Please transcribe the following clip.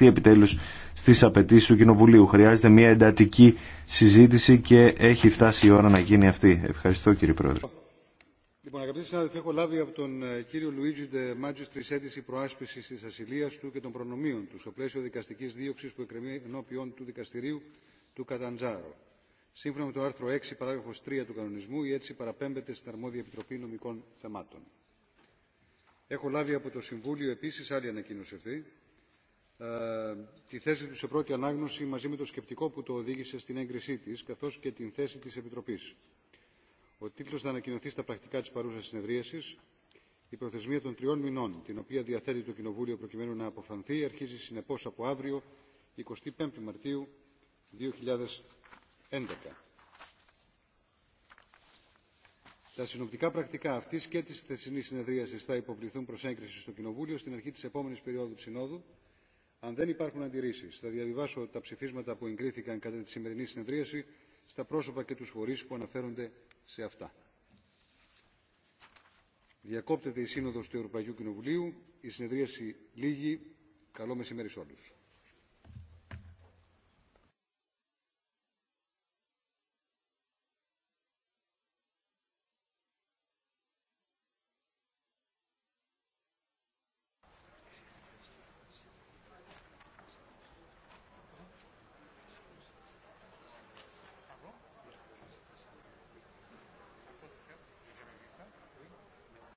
ανταποκριθεί επιτέλους στις απαιτήσει του Κοινοβουλίου. Χρειάζεται μια εντατική συζήτηση και έχει φτάσει η ώρα να γίνει αυτή. Ευχαριστώ κύριε Πρόεδρε. Λοιπόν, αγαπητοί συνάδελφοι, έχω λάβει από τον ε, κύριο Λουίτζι Ντε τη αίτηση προάσπιση τη ασυλία του και των προνομίων του στο πλαίσιο δικαστική δίωξη που εκκρεμεί ενώπιον του δικαστηρίου του Καταντζάρο. Σύμφωνα με το άρθρο 6, παράγραφο 3 του κανονισμού, η αίτηση παραπέμπεται στην αρμόδια επιτροπή νομικών θεμάτων. Έχω λάβει από το Συμβούλιο επίση άλλη ανακοίνωση αυτή. Ε, τη θέση του σε πρώτη ανάγνωση μαζί με το σκεπτικό που το οδήγησε στην έγκρισή τη, καθώ και την θέση τη επιτροπή. Ο τίτλο θα ανακοινωθεί στα πρακτικά τη παρούσα συνεδρίαση. Η προθεσμία των τριών μηνών, την οποία διαθέτει το Κοινοβούλιο προκειμένου να αποφανθεί, αρχίζει αρχίζει από αύριο, 25 Μαρτίου 2011. Τα συνοπτικά πρακτικά αυτή και τη θεσινή συνεδρίαση θα υποβληθούν προ έγκριση στο Κοινοβούλιο στην αρχή τη επόμενη περίοδου Συνόδου αν δεν υπάρχουν αντιρρήσει, θα διαβιβάσω τα ψηφίσματα που εγκρίθηκαν κατά τη σημερινή συνεδρίαση στα πρόσωπα και του φορεί που αναφέρονται σε αυτά. Διακόπτεται η Σύνοδο του Ευρωπαϊκού Κοινοβουλίου. Η συνεδρίαση λίγη. Καλό μεσημέρι σε όλους.